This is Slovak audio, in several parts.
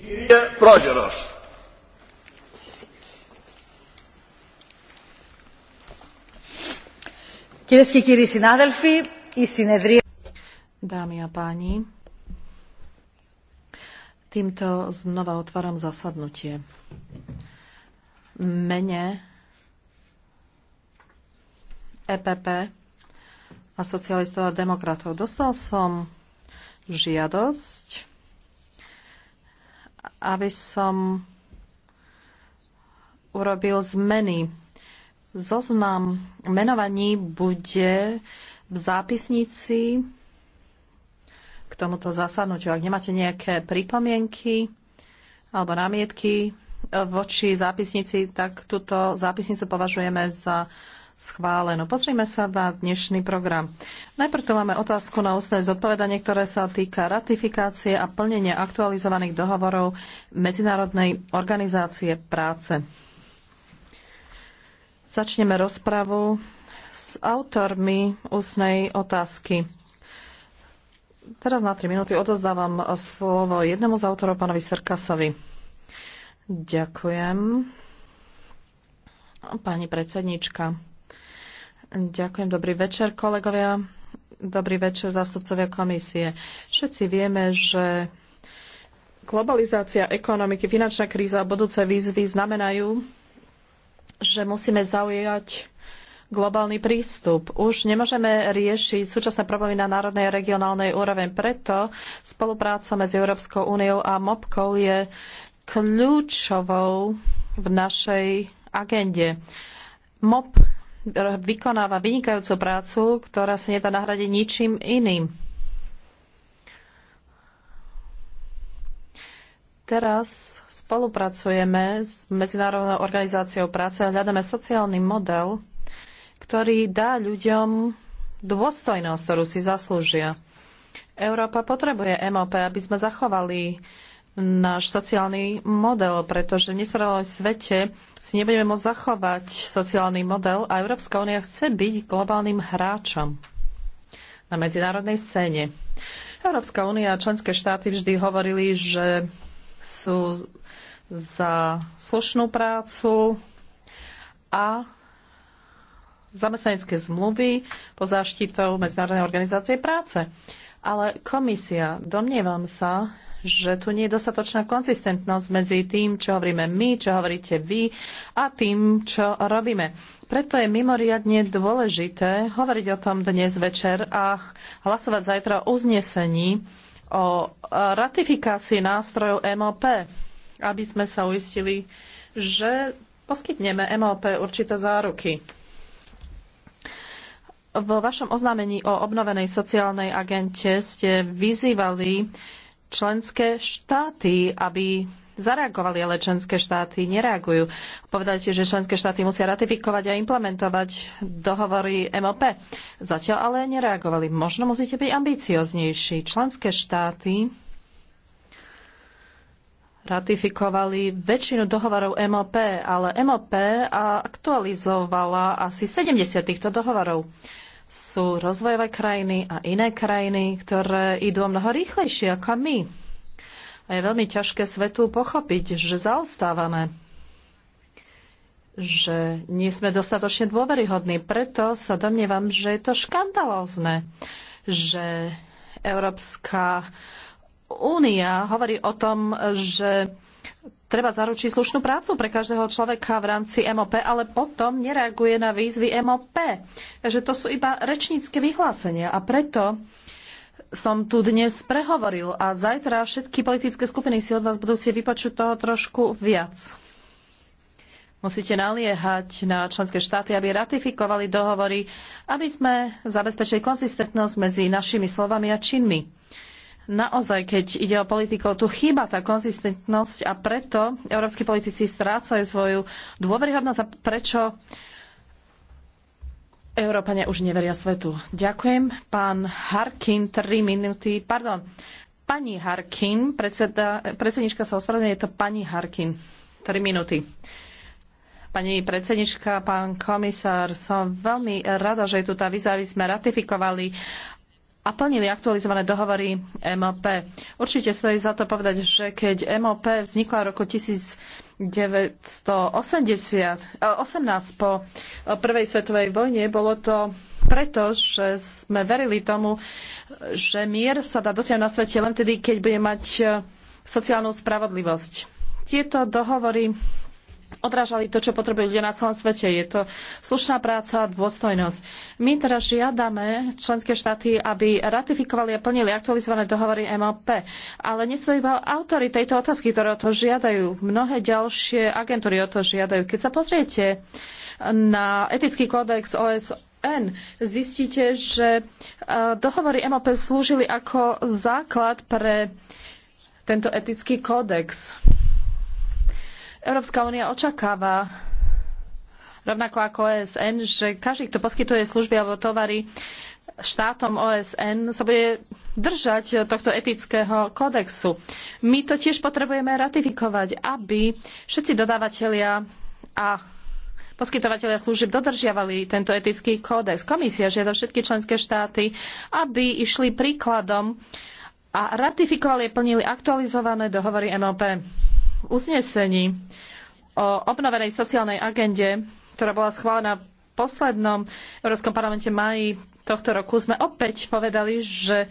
Κύριε Πρόεδρος. Κυρίες και κύριοι συνάδελφοι, η συνεδρία... Dámy a páni, týmto znova otváram zasadnutie. Mene EPP a socialistov a demokratov. Dostal som žiadosť aby som urobil zmeny. Zoznam menovaní bude v zápisnici k tomuto zasadnutiu. Ak nemáte nejaké pripomienky alebo námietky voči zápisnici, tak túto zápisnicu považujeme za schváleno. Pozrime sa na dnešný program. Najprv tu máme otázku na ústne zodpovedanie, ktoré sa týka ratifikácie a plnenia aktualizovaných dohovorov Medzinárodnej organizácie práce. Začneme rozpravu s autormi ústnej otázky. Teraz na 3 minúty odozdávam slovo jednému z autorov, pánovi Serkasovi. Ďakujem. Pani predsednička. Ďakujem. Dobrý večer, kolegovia. Dobrý večer, zástupcovia komisie. Všetci vieme, že globalizácia ekonomiky, finančná kríza a budúce výzvy znamenajú, že musíme zaujať globálny prístup. Už nemôžeme riešiť súčasné problémy na národnej a regionálnej úroveň. Preto spolupráca medzi Európskou úniou a MOPkou je kľúčovou v našej agende. MOP vykonáva vynikajúcu prácu, ktorá sa nedá nahradiť ničím iným. Teraz spolupracujeme s Medzinárodnou organizáciou práce a hľadáme sociálny model, ktorý dá ľuďom dôstojnosť, ktorú si zaslúžia. Európa potrebuje MOP, aby sme zachovali náš sociálny model, pretože v nespravodlivom svete si nebudeme môcť zachovať sociálny model a Európska únia chce byť globálnym hráčom na medzinárodnej scéne. Európska únia a členské štáty vždy hovorili, že sú za slušnú prácu a zamestnanecké zmluvy po záštitou Medzinárodnej organizácie práce. Ale komisia, domnievam sa, že tu nie je dostatočná konzistentnosť medzi tým, čo hovoríme my, čo hovoríte vy a tým, čo robíme. Preto je mimoriadne dôležité hovoriť o tom dnes večer a hlasovať zajtra o uznesení o ratifikácii nástrojov MOP, aby sme sa uistili, že poskytneme MOP určité záruky. Vo vašom oznámení o obnovenej sociálnej agente ste vyzývali členské štáty, aby zareagovali, ale členské štáty nereagujú. Povedali ste, že členské štáty musia ratifikovať a implementovať dohovory MOP. Zatiaľ ale nereagovali. Možno musíte byť ambicioznejší. Členské štáty ratifikovali väčšinu dohovorov MOP, ale MOP aktualizovala asi 70 týchto dohovorov sú rozvojové krajiny a iné krajiny, ktoré idú o mnoho rýchlejšie ako my. A je veľmi ťažké svetu pochopiť, že zaostávame, že nie sme dostatočne dôveryhodní. Preto sa domnievam, že je to škandalózne, že Európska únia hovorí o tom, že treba zaručiť slušnú prácu pre každého človeka v rámci MOP, ale potom nereaguje na výzvy MOP. Takže to sú iba rečnícke vyhlásenia a preto som tu dnes prehovoril a zajtra všetky politické skupiny si od vás budú si vypočuť toho trošku viac. Musíte naliehať na členské štáty, aby ratifikovali dohovory, aby sme zabezpečili konzistentnosť medzi našimi slovami a činmi naozaj, keď ide o politikov, tu chýba tá konzistentnosť a preto európsky politici strácajú svoju dôveryhodnosť a prečo Európania už neveria svetu. Ďakujem. Pán Harkin, 3 minúty. Pardon. Pani Harkin, predsednička sa ospravedlňuje, je to pani Harkin. 3 minúty. Pani predsednička, pán komisár, som veľmi rada, že je tu tá výzva, aby sme ratifikovali a plnili aktualizované dohovory MOP. Určite stojí za to povedať, že keď MOP vznikla v roku 1980, eh, po eh, prvej svetovej vojne, bolo to preto, že sme verili tomu, že mier sa dá dosiahnuť na svete len tedy, keď bude mať eh, sociálnu spravodlivosť. Tieto dohovory odrážali to, čo potrebujú ľudia na celom svete. Je to slušná práca a dôstojnosť. My teraz žiadame členské štáty, aby ratifikovali a plnili aktualizované dohovory MOP. Ale nie sú iba autory tejto otázky, ktoré o to žiadajú. Mnohé ďalšie agentúry o to žiadajú. Keď sa pozriete na etický kódex OSN, OSN zistíte, že e, dohovory MOP slúžili ako základ pre tento etický kódex. Európska únia očakáva rovnako ako OSN, že každý, kto poskytuje služby alebo tovary štátom OSN, sa bude držať tohto etického kódexu. My to tiež potrebujeme ratifikovať, aby všetci dodávateľia a poskytovateľia služieb dodržiavali tento etický kódex. Komisia žiada všetky členské štáty, aby išli príkladom a ratifikovali a plnili aktualizované dohovory MOP uznesení o obnovenej sociálnej agende, ktorá bola schválená v poslednom Európskom parlamente maji tohto roku, sme opäť povedali, že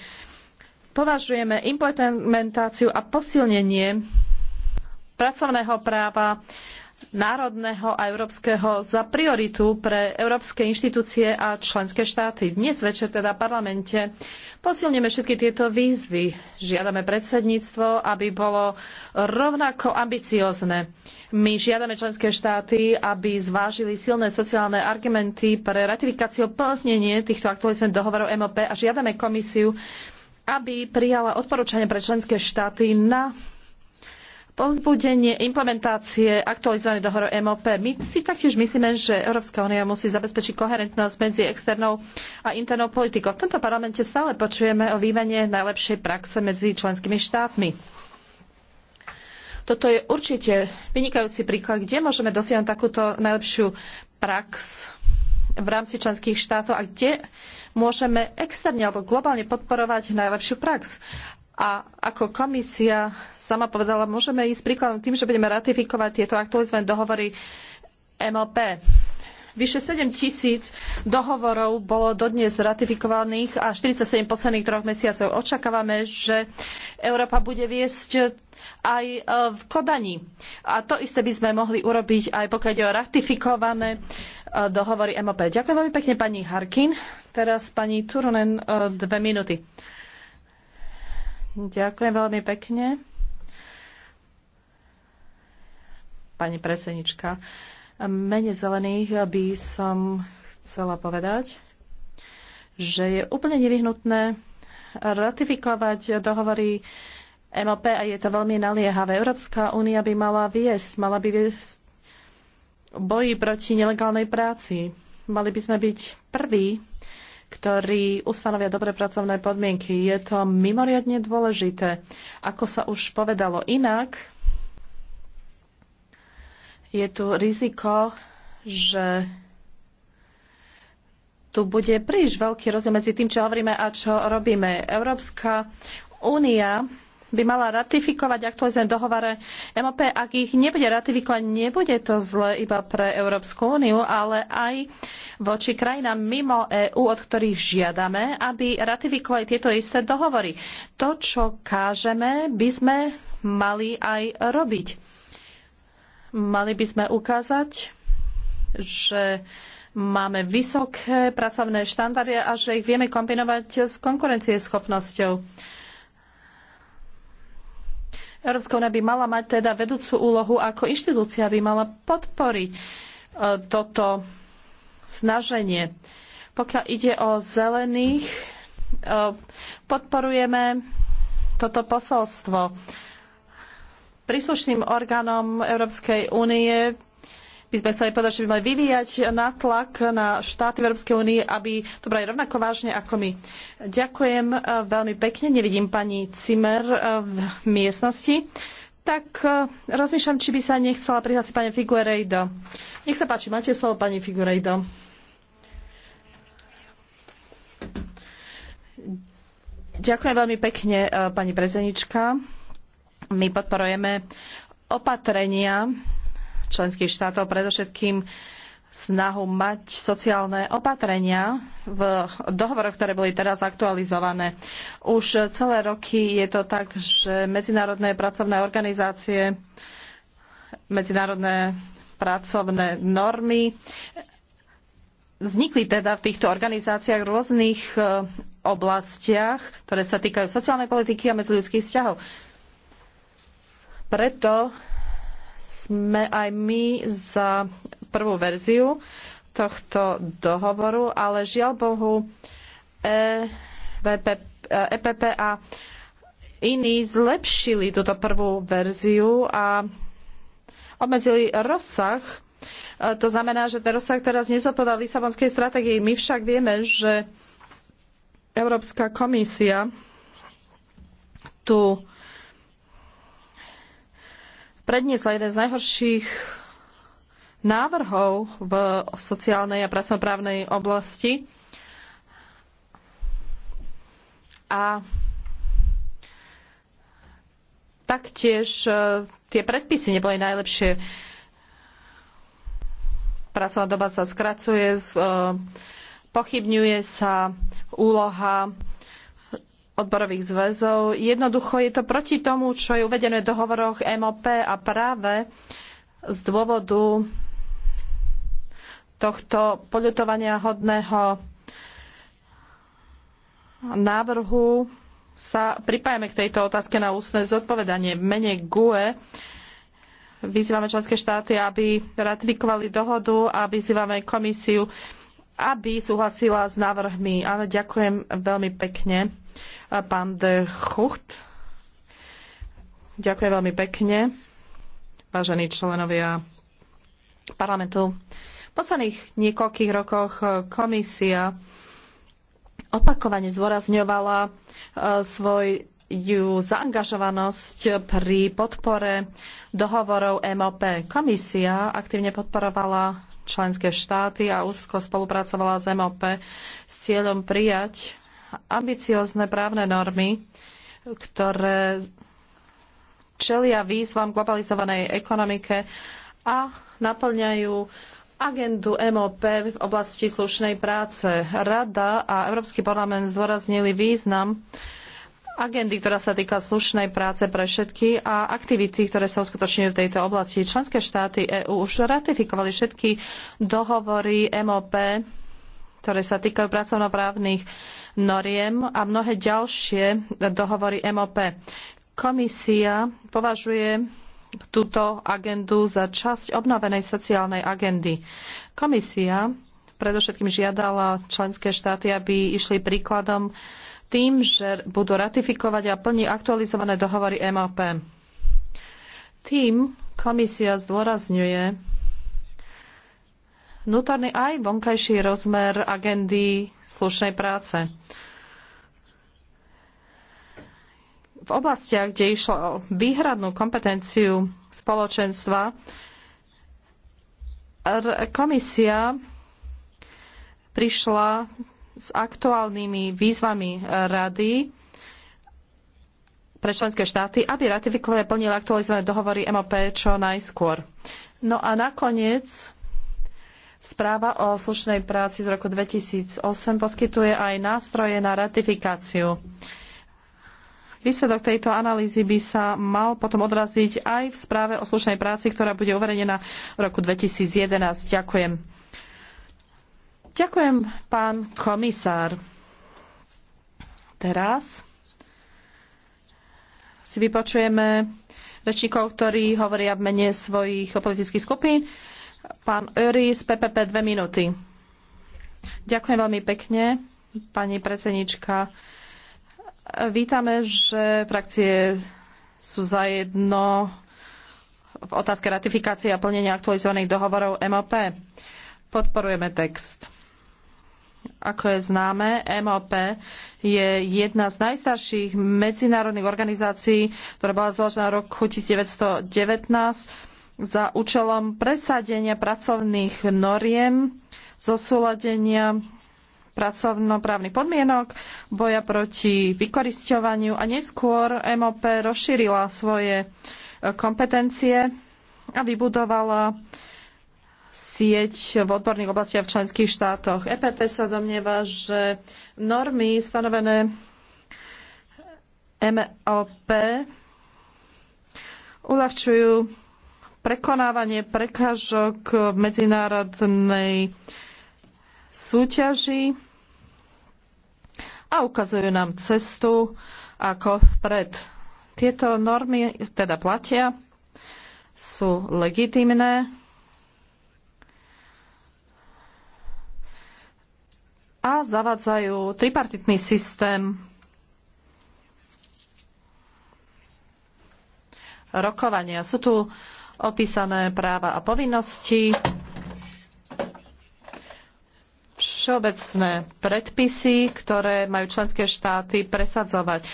považujeme implementáciu a posilnenie pracovného práva národného a európskeho za prioritu pre európske inštitúcie a členské štáty. Dnes večer teda v parlamente posilneme všetky tieto výzvy. Žiadame predsedníctvo, aby bolo rovnako ambiciozne. My žiadame členské štáty, aby zvážili silné sociálne argumenty pre ratifikáciu plnenie týchto aktualizovaných dohovorov MOP a žiadame komisiu, aby prijala odporúčania pre členské štáty na povzbudenie implementácie aktualizovanej dohovoru MOP. My si taktiež myslíme, že Európska únia musí zabezpečiť koherentnosť medzi externou a internou politikou. V tomto parlamente stále počujeme o výmene najlepšej praxe medzi členskými štátmi. Toto je určite vynikajúci príklad, kde môžeme dosiahnuť takúto najlepšiu prax v rámci členských štátov a kde môžeme externe alebo globálne podporovať najlepšiu prax. A ako komisia sama povedala, môžeme ísť príkladom tým, že budeme ratifikovať tieto aktualizované dohovory MOP. Vyše 7 tisíc dohovorov bolo dodnes ratifikovaných a 47 posledných troch mesiacov. Očakávame, že Európa bude viesť aj e, v Kodani. A to isté by sme mohli urobiť aj pokiaľ ide o ratifikované e, dohovory MOP. Ďakujem veľmi pekne pani Harkin. Teraz pani Turunen e, dve minúty. Ďakujem veľmi pekne. Pani predsednička, mene zelených by som chcela povedať, že je úplne nevyhnutné ratifikovať dohovory MOP a je to veľmi naliehavé. Európska únia by mala viesť, mala by viesť boji proti nelegálnej práci. Mali by sme byť prví, ktorí ustanovia dobre pracovné podmienky. Je to mimoriadne dôležité. Ako sa už povedalo inak, je tu riziko, že tu bude príliš veľký rozdiel medzi tým, čo hovoríme a čo robíme. Európska únia by mala ratifikovať aktualizované dohovore MOP. Ak ich nebude ratifikovať, nebude to zle iba pre Európsku úniu, ale aj voči krajinám mimo EÚ, od ktorých žiadame, aby ratifikovali tieto isté dohovory. To, čo kážeme, by sme mali aj robiť. Mali by sme ukázať, že máme vysoké pracovné štandardy a že ich vieme kombinovať s konkurencieschopnosťou. Európska únia by mala mať teda vedúcu úlohu ako inštitúcia by mala podporiť e, toto snaženie. Pokiaľ ide o zelených, e, podporujeme toto posolstvo. Príslušným orgánom Európskej únie by sme chceli povedať, že by mali vyvíjať nátlak na štáty Európskej únie, aby to brali rovnako vážne ako my. Ďakujem e, veľmi pekne. Nevidím pani Cimer e, v miestnosti. Tak e, rozmýšľam, či by sa nechcela prihlásiť pani Figuerejdo. Nech sa páči, máte slovo pani Figuerejdo. Ďakujem veľmi pekne, pani prezenička. My podporujeme opatrenia členských štátov, predovšetkým snahu mať sociálne opatrenia v dohovoroch, ktoré boli teraz aktualizované. Už celé roky je to tak, že medzinárodné pracovné organizácie, medzinárodné pracovné normy vznikli teda v týchto organizáciách v rôznych e, oblastiach, ktoré sa týkajú sociálnej politiky a medziľudských vzťahov. Preto sme aj my za prvú verziu tohto dohovoru, ale žiaľ Bohu EPP e a iní zlepšili túto prvú verziu a obmedzili rozsah. E, to znamená, že ten rozsah teraz nezodpovedá Lisabonskej stratégii. My však vieme, že Európska komisia tu predniesla jeden z najhorších návrhov v sociálnej a pracovnoprávnej oblasti. A taktiež e, tie predpisy neboli najlepšie. Pracovná doba sa skracuje, e, pochybňuje sa úloha odborových zväzov. Jednoducho je to proti tomu, čo je uvedené v dohovoroch MOP a práve z dôvodu tohto poľutovania hodného návrhu sa pripájame k tejto otázke na ústne zodpovedanie. V mene GUE vyzývame členské štáty, aby ratifikovali dohodu a vyzývame komisiu, aby súhlasila s návrhmi. Áno, ďakujem veľmi pekne pán de Chucht. Ďakujem veľmi pekne, vážení členovia parlamentu. V posledných niekoľkých rokoch eh, komisia opakovane zdôrazňovala eh, svoju zaangažovanosť pri podpore dohovorov MOP. Komisia aktívne podporovala členské štáty a úzko spolupracovala s MOP s cieľom prijať ambiciozne právne normy, ktoré čelia výzvam globalizovanej ekonomike a naplňajú agendu MOP v oblasti slušnej práce. Rada a Európsky parlament zdôraznili význam agendy, ktorá sa týka slušnej práce pre všetky a aktivity, ktoré sa uskutočňujú v tejto oblasti. Členské štáty EÚ už ratifikovali všetky dohovory MOP ktoré sa týkajú pracovnoprávnych noriem a mnohé ďalšie dohovory MOP. Komisia považuje túto agendu za časť obnovenej sociálnej agendy. Komisia predovšetkým žiadala členské štáty, aby išli príkladom tým, že budú ratifikovať a plní aktualizované dohovory MOP. Tým komisia zdôrazňuje vnútorný aj vonkajší rozmer agendy slušnej práce. V oblastiach, kde išlo o výhradnú kompetenciu spoločenstva, komisia prišla s aktuálnymi výzvami rady pre členské štáty, aby ratifikovali a plnili aktualizované dohovory MOP čo najskôr. No a nakoniec Správa o slušnej práci z roku 2008 poskytuje aj nástroje na ratifikáciu. Výsledok tejto analýzy by sa mal potom odraziť aj v správe o slušnej práci, ktorá bude uverejnená v roku 2011. Ďakujem. Ďakujem, pán komisár. Teraz si vypočujeme rečníkov, ktorí hovoria v mene svojich politických skupín. Pán Öri z PPP dve minúty. Ďakujem veľmi pekne, pani predsednička. Vítame, že frakcie sú zajedno v otázke ratifikácie a plnenia aktualizovaných dohovorov MOP. Podporujeme text. Ako je známe, MOP je jedna z najstarších medzinárodných organizácií, ktorá bola zložená v roku 1919 za účelom presadenia pracovných noriem, zosúladenia pracovnoprávnych podmienok, boja proti vykorisťovaniu a neskôr MOP rozšírila svoje e, kompetencie a vybudovala sieť v odborných oblastiach v členských štátoch. EPP sa domnieva, že normy stanovené MOP uľahčujú prekonávanie prekážok v medzinárodnej súťaži a ukazujú nám cestu ako vpred. Tieto normy teda platia, sú legitimné a zavádzajú tripartitný systém rokovania. Sú tu opísané práva a povinnosti, všeobecné predpisy, ktoré majú členské štáty presadzovať.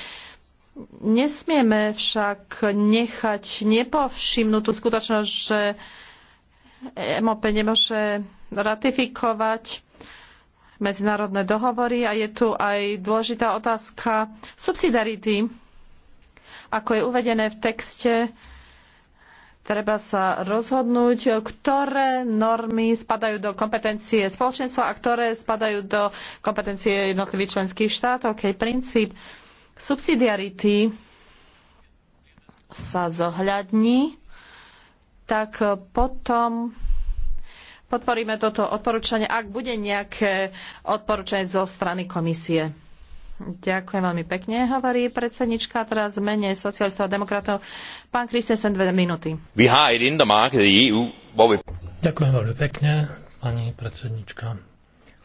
Nesmieme však nechať nepovšimnutú skutočnosť, že MOP nemôže ratifikovať medzinárodné dohovory a je tu aj dôležitá otázka subsidiarity, ako je uvedené v texte Treba sa rozhodnúť, ktoré normy spadajú do kompetencie spoločenstva a ktoré spadajú do kompetencie jednotlivých členských štátov. Keď princíp subsidiarity sa zohľadní, tak potom podporíme toto odporúčanie, ak bude nejaké odporúčanie zo strany komisie. Ďakujem veľmi pekne, hovorí predsednička. Teraz mene socialistov a demokratov pán Kristensen dve minúty. E Ďakujem veľmi pekne, pani predsednička.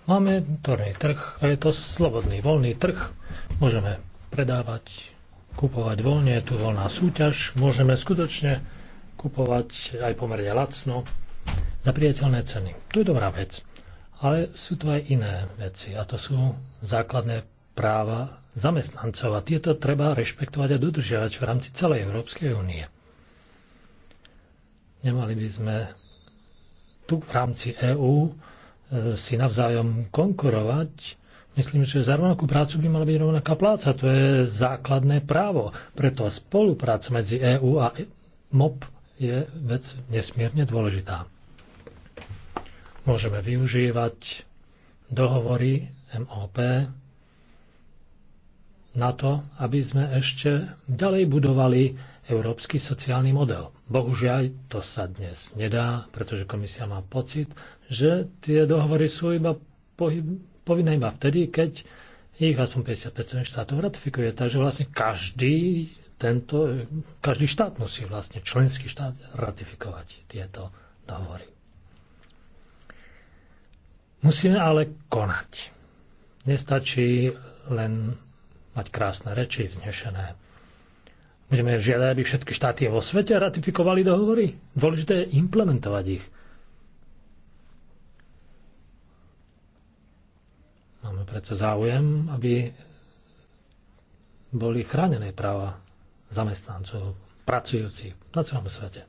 Máme vnútorný trh a je to slobodný, voľný trh. Môžeme predávať, kupovať voľne, je tu voľná súťaž. Môžeme skutočne kupovať aj pomerne lacno za priateľné ceny. To je dobrá vec. Ale sú tu aj iné veci a to sú základné práva zamestnancov a tieto treba rešpektovať a dodržiavať v rámci celej Európskej únie. Nemali by sme tu v rámci EÚ e, si navzájom konkurovať. Myslím, že za rovnakú prácu by mala byť rovnaká pláca. To je základné právo. Preto spolupráca medzi EÚ a MOP je vec nesmierne dôležitá. Môžeme využívať dohovory MOP na to, aby sme ešte ďalej budovali európsky sociálny model. Bohužiaľ, to sa dnes nedá, pretože komisia má pocit, že tie dohovory sú iba pohyb, povinné iba vtedy, keď ich aspoň 55 štátov ratifikuje. Takže vlastne každý tento, každý štát musí vlastne, členský štát ratifikovať tieto dohovory. Musíme ale konať. Nestačí len mať krásne reči vznešené. Budeme žiadať, aby všetky štáty vo svete ratifikovali dohovory. Dôležité je implementovať ich. Máme predsa záujem, aby boli chránené práva zamestnancov, pracujúcich na celom svete.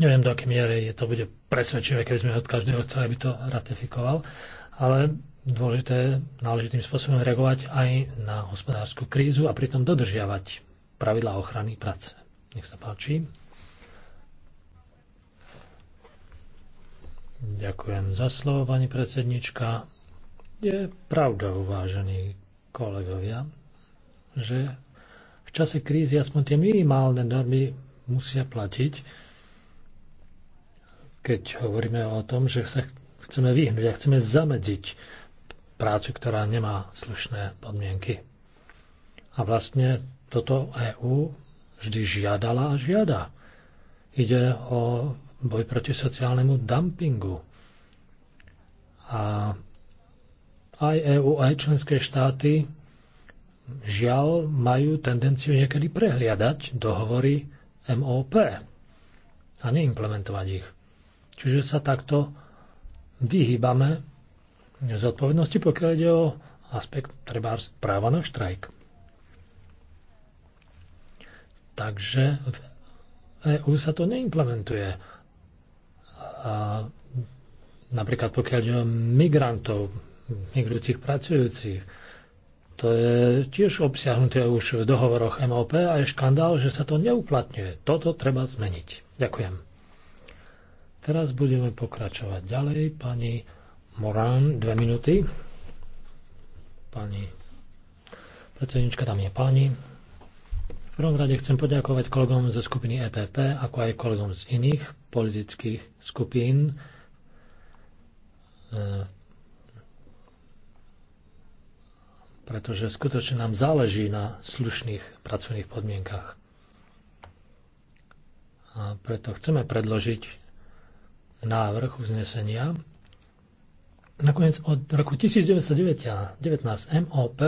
Neviem, do akej miery je to bude presvedčivé, keď sme od každého chceli, aby to ratifikoval, ale dôležité náležitým spôsobom reagovať aj na hospodárskú krízu a pritom dodržiavať pravidlá ochrany práce. Nech sa páči. Ďakujem za slovo, pani predsednička. Je pravda, uvážení kolegovia, že v čase krízy aspoň tie minimálne normy musia platiť, keď hovoríme o tom, že sa chceme vyhnúť a chceme zamedziť prácu, ktorá nemá slušné podmienky. A vlastne toto EÚ vždy žiadala a žiada. Ide o boj proti sociálnemu dumpingu. A aj EÚ, aj členské štáty žiaľ majú tendenciu niekedy prehliadať dohovory MOP a neimplementovať ich. Čiže sa takto vyhýbame nezodpovednosti, pokiaľ ide o aspekt treba práva na štrajk. Takže v EU sa to neimplementuje. A napríklad pokiaľ ide o migrantov, migrujúcich pracujúcich, to je tiež obsiahnuté už v dohovoroch MOP a je škandál, že sa to neuplatňuje. Toto treba zmeniť. Ďakujem. Teraz budeme pokračovať ďalej. Pani Morán, dve minúty. Pani predsednička, tam je pani. V prvom rade chcem poďakovať kolegom zo skupiny EPP, ako aj kolegom z iných politických skupín. E, pretože skutočne nám záleží na slušných pracovných podmienkách. A preto chceme predložiť návrh uznesenia, Nakoniec od roku 1919 MOP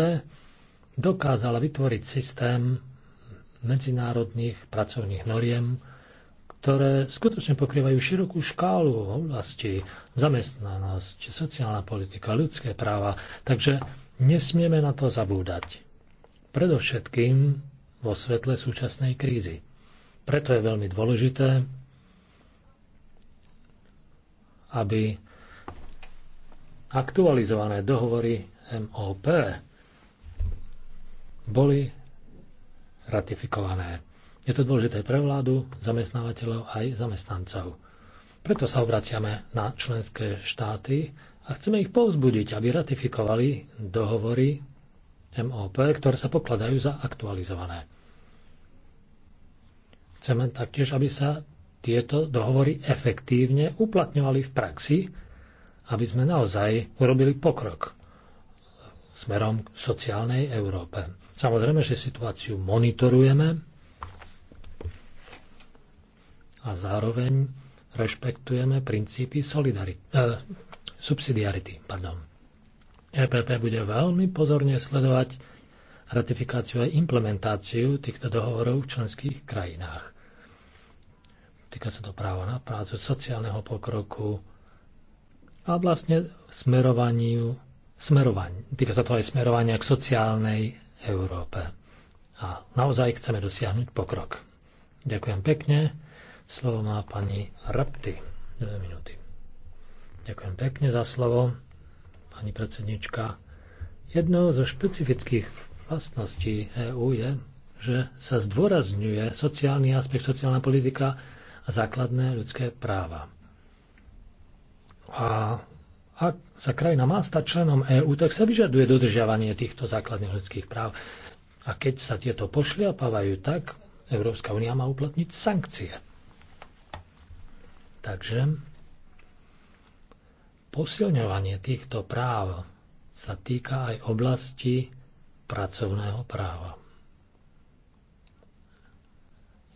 dokázala vytvoriť systém medzinárodných pracovných noriem, ktoré skutočne pokrývajú širokú škálu oblasti zamestnanosť, sociálna politika, ľudské práva. Takže nesmieme na to zabúdať. Predovšetkým vo svetle súčasnej krízy. Preto je veľmi dôležité, aby aktualizované dohovory MOP boli ratifikované. Je to dôležité pre vládu, zamestnávateľov aj zamestnancov. Preto sa obraciame na členské štáty a chceme ich povzbudiť, aby ratifikovali dohovory MOP, ktoré sa pokladajú za aktualizované. Chceme taktiež, aby sa tieto dohovory efektívne uplatňovali v praxi aby sme naozaj urobili pokrok smerom k sociálnej Európe. Samozrejme, že situáciu monitorujeme a zároveň rešpektujeme princípy solidarity, eh, subsidiarity. Pardon. EPP bude veľmi pozorne sledovať ratifikáciu a implementáciu týchto dohovorov v členských krajinách. Týka sa to práva na prácu, sociálneho pokroku, a vlastne smerovaniu, smerovaniu, týka sa to aj smerovania k sociálnej Európe. A naozaj chceme dosiahnuť pokrok. Ďakujem pekne. Slovo má pani Rapty. Dve minúty. Ďakujem pekne za slovo, pani predsednička. Jednou zo špecifických vlastností EÚ je, že sa zdôrazňuje sociálny aspekt, sociálna politika a základné ľudské práva. A ak sa krajina má stať členom EÚ, tak sa vyžaduje dodržiavanie týchto základných ľudských práv. A keď sa tieto pošliapávajú, tak Európska únia má uplatniť sankcie. Takže posilňovanie týchto práv sa týka aj oblasti pracovného práva.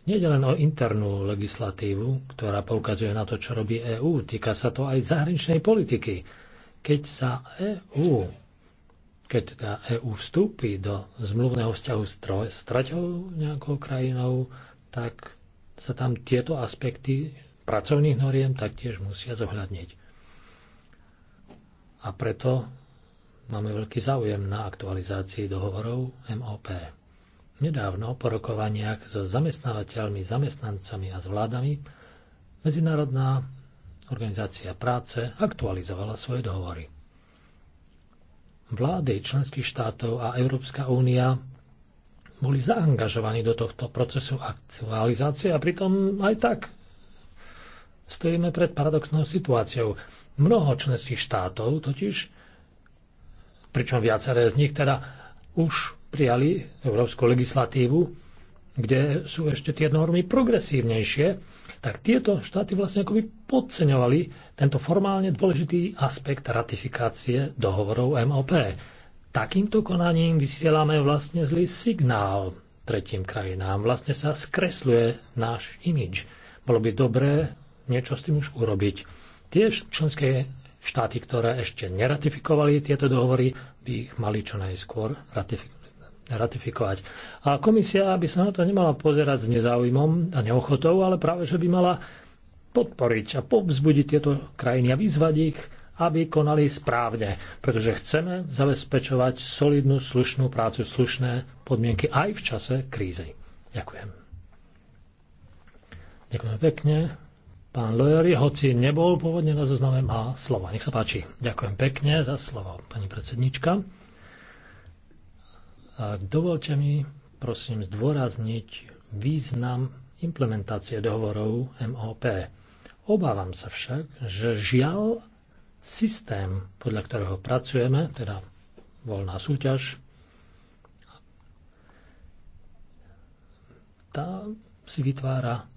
Nejde len o internú legislatívu, ktorá poukazuje na to, čo robí EÚ, týka sa to aj zahraničnej politiky. Keď sa EÚ, keď teda EÚ vstúpi do zmluvného vzťahu s traťou nejakou krajinou, tak sa tam tieto aspekty pracovných noriem taktiež musia zohľadniť. A preto máme veľký záujem na aktualizácii dohovorov MOP. Nedávno po rokovaniach so zamestnávateľmi, zamestnancami a s vládami Medzinárodná organizácia práce aktualizovala svoje dohovory. Vlády členských štátov a Európska únia boli zaangažovaní do tohto procesu aktualizácie a pritom aj tak stojíme pred paradoxnou situáciou. Mnoho členských štátov totiž, pričom viaceré z nich teda už prijali európsku legislatívu, kde sú ešte tie normy progresívnejšie, tak tieto štáty vlastne akoby podceňovali tento formálne dôležitý aspekt ratifikácie dohovorov MOP. Takýmto konaním vysielame vlastne zlý signál tretím krajinám. Vlastne sa skresluje náš imidž. Bolo by dobré niečo s tým už urobiť. Tie členské štáty, ktoré ešte neratifikovali tieto dohovory, by ich mali čo najskôr ratifikovať ratifikovať. A komisia by sa na to nemala pozerať s nezáujmom a neochotou, ale práve, že by mala podporiť a povzbudiť tieto krajiny a vyzvať ich, aby konali správne, pretože chceme zabezpečovať solidnú, slušnú prácu, slušné podmienky aj v čase krízy. Ďakujem. Ďakujem pekne. Pán Lojery, hoci nebol pôvodne na zozname, má slovo. Nech sa páči. Ďakujem pekne za slovo, pani predsednička. A dovolte mi, prosím, zdôrazniť význam implementácie dohovorov MOP. Obávam sa však, že žiaľ systém, podľa ktorého pracujeme, teda voľná súťaž, tá si vytvára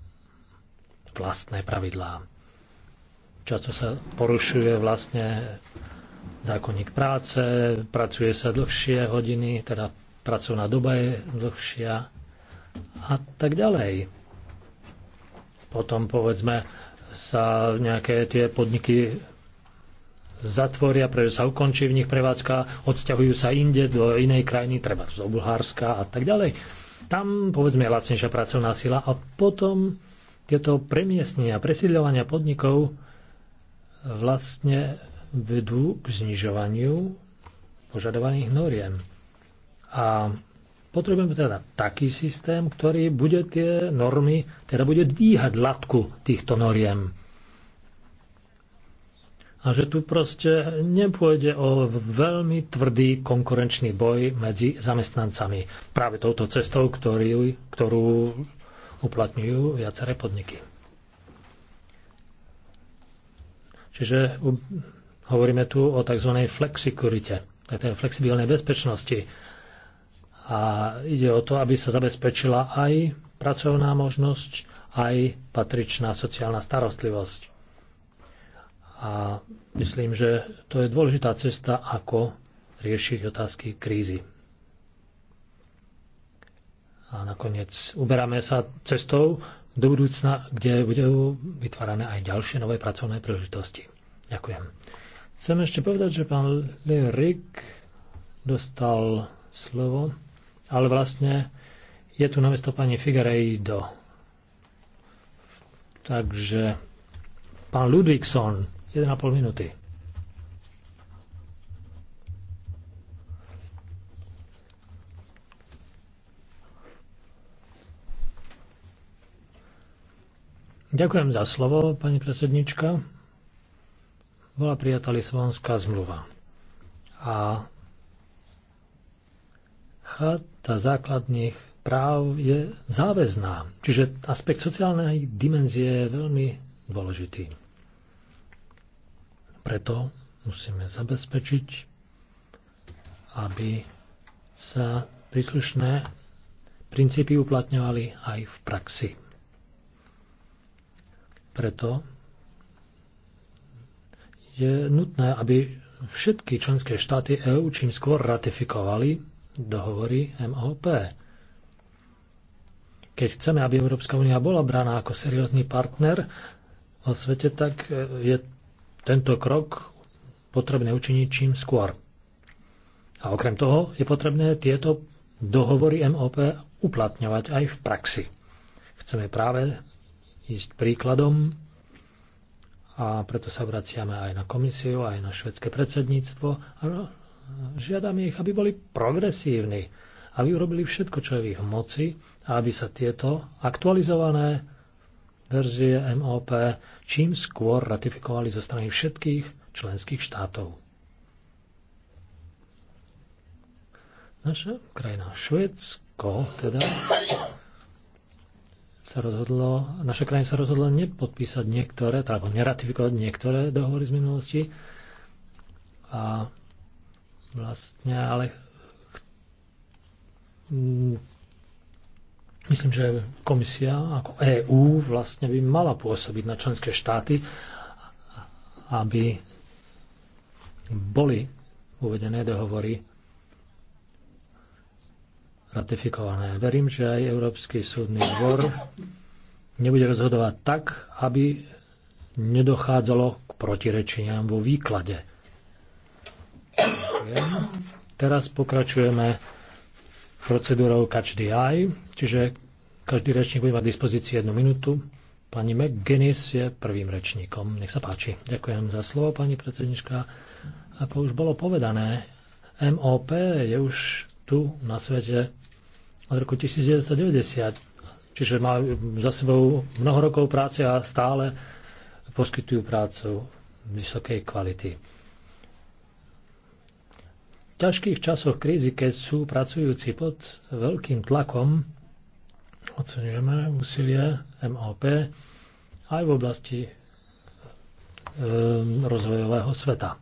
vlastné pravidlá. Často sa porušuje vlastne zákonník práce, pracuje sa dlhšie hodiny, teda pracovná doba je dlhšia a tak ďalej. Potom povedzme sa nejaké tie podniky zatvoria, pretože sa ukončí v nich prevádzka, odsťahujú sa inde do inej krajiny, treba do Bulharska a tak ďalej. Tam povedzme je lacnejšia pracovná sila a potom tieto premiestnenia, presídľovania podnikov vlastne vedú k znižovaniu požadovaných noriem. A potrebujeme teda taký systém, ktorý bude tie normy, teda bude dvíhať latku týchto noriem. A že tu proste nepôjde o veľmi tvrdý konkurenčný boj medzi zamestnancami. Práve touto cestou, ktorý, ktorú uplatňujú viaceré podniky. Čiže hovoríme tu o tzv. flexikurite, teda flexibilnej bezpečnosti. A ide o to, aby sa zabezpečila aj pracovná možnosť, aj patričná sociálna starostlivosť. A myslím, že to je dôležitá cesta, ako riešiť otázky krízy. A nakoniec uberáme sa cestou do budúcna, kde budú vytvárané aj ďalšie nové pracovné príležitosti. Ďakujem. Chcem ešte povedať, že pán Lerik dostal slovo ale vlastne je tu namiesto pani Figueiredo. Takže pán Ludvíkson, 1,5 minúty. Ďakujem za slovo, pani predsednička. Bola prijatá Lisabonská zmluva. A charta základných práv je záväzná. Čiže aspekt sociálnej dimenzie je veľmi dôležitý. Preto musíme zabezpečiť, aby sa príslušné princípy uplatňovali aj v praxi. Preto je nutné, aby všetky členské štáty EÚ čím skôr ratifikovali dohovory MOP. Keď chceme, aby Európska únia bola braná ako seriózny partner vo svete, tak e, je tento krok potrebné učiniť čím skôr. A okrem toho je potrebné tieto dohovory MOP uplatňovať aj v praxi. Chceme práve ísť príkladom a preto sa vraciame aj na komisiu, aj na švedské predsedníctvo a žiadam ich, aby boli progresívni, aby urobili všetko, čo je v ich moci a aby sa tieto aktualizované verzie MOP čím skôr ratifikovali zo strany všetkých členských štátov. Naša krajina Švedsko teda sa rozhodlo, naša krajina sa rozhodla nepodpísať niektoré, alebo neratifikovať niektoré dohovory z minulosti a vlastne, ale hm, myslím, že komisia ako EÚ vlastne by mala pôsobiť na členské štáty, aby boli uvedené dohovory ratifikované. Verím, že aj Európsky súdny dvor nebude rozhodovať tak, aby nedochádzalo k protirečeniam vo výklade. Ďakujem. Teraz pokračujeme procedúrou Catch the Eye, čiže každý rečník bude mať dispozícii jednu minútu. Pani McGuinness je prvým rečníkom. Nech sa páči. Ďakujem za slovo, pani predsednička. Ako už bolo povedané, MOP je už tu na svete od roku 1990, čiže má za sebou mnoho rokov práce a stále poskytujú prácu vysokej kvality ťažkých časoch krízy, keď sú pracujúci pod veľkým tlakom, oceňujeme úsilie MOP aj v oblasti e, rozvojového sveta.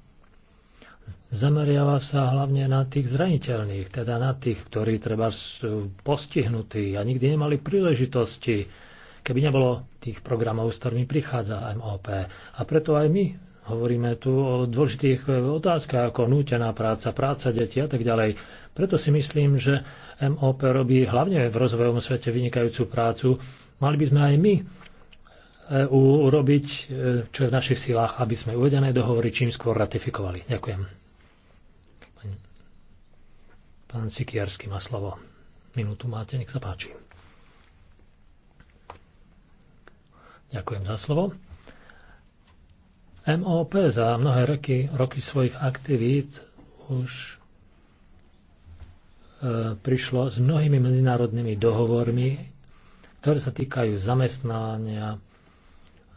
Zameriava sa hlavne na tých zraniteľných, teda na tých, ktorí treba sú e, postihnutí a nikdy nemali príležitosti, keby nebolo tých programov, s ktorými prichádza MOP. A preto aj my Hovoríme tu o dôležitých eh, otázkach ako nútená práca, práca detí a tak ďalej. Preto si myslím, že MOP robí hlavne v rozvojovom svete vynikajúcu prácu. Mali by sme aj my EU urobiť, eh, čo je v našich silách, aby sme uvedené dohovory čím skôr ratifikovali. Ďakujem. Pán Sikierský má slovo. Minútu máte, nech sa páči. Ďakujem za slovo. MOP za mnohé roky, roky svojich aktivít už e, prišlo s mnohými medzinárodnými dohovormi, ktoré sa týkajú zamestnania,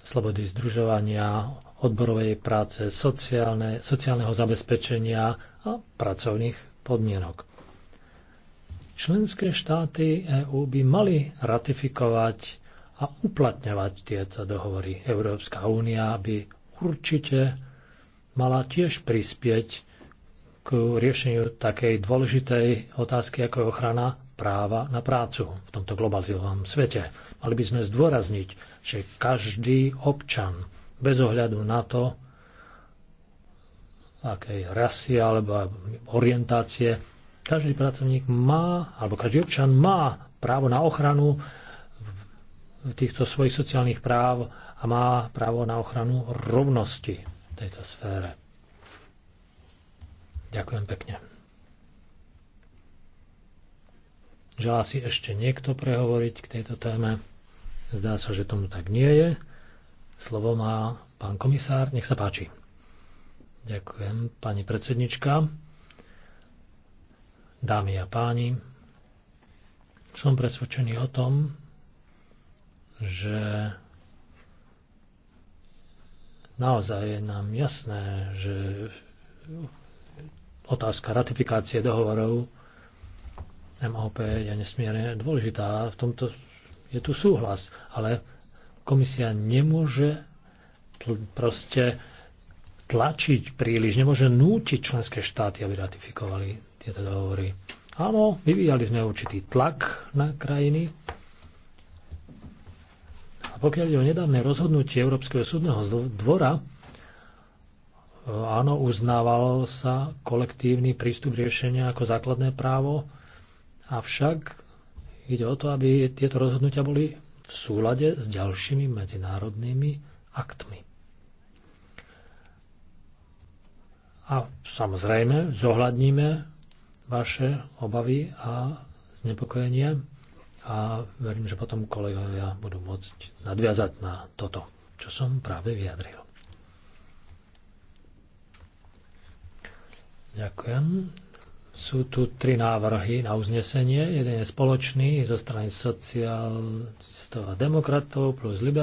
slobody združovania, odborovej práce, sociálne, sociálneho zabezpečenia a pracovných podmienok. Členské štáty EÚ by mali ratifikovať a uplatňovať tieto dohovory. Európska únia by určite mala tiež prispieť k riešeniu takej dôležitej otázky, ako je ochrana práva na prácu v tomto globalizovanom svete. Mali by sme zdôrazniť, že každý občan, bez ohľadu na to, akej rasy alebo orientácie, každý pracovník má, alebo každý občan má právo na ochranu týchto svojich sociálnych práv a má právo na ochranu rovnosti v tejto sfére. Ďakujem pekne. Želá si ešte niekto prehovoriť k tejto téme? Zdá sa, že tomu tak nie je. Slovo má pán komisár, nech sa páči. Ďakujem, pani predsednička. Dámy a páni, som presvedčený o tom, že Naozaj je nám jasné, že otázka ratifikácie dohovorov MOP je nesmierne dôležitá. V tomto je tu súhlas, ale komisia nemôže tl- proste tlačiť príliš, nemôže nútiť členské štáty, aby ratifikovali tieto dohovory. Áno, vyvíjali sme určitý tlak na krajiny, pokiaľ je o nedávne rozhodnutie Európskeho súdneho dvora, e, áno, uznával sa kolektívny prístup riešenia ako základné právo, avšak ide o to, aby tieto rozhodnutia boli v súlade s ďalšími medzinárodnými aktmi. A samozrejme zohľadníme vaše obavy a znepokojenie a verím, že potom kolegovia budú môcť nadviazať na toto, čo som práve vyjadril. Ďakujem. Sú tu tri návrhy na uznesenie. Jeden je spoločný zo strany socialistov a demokratov plus liberálov.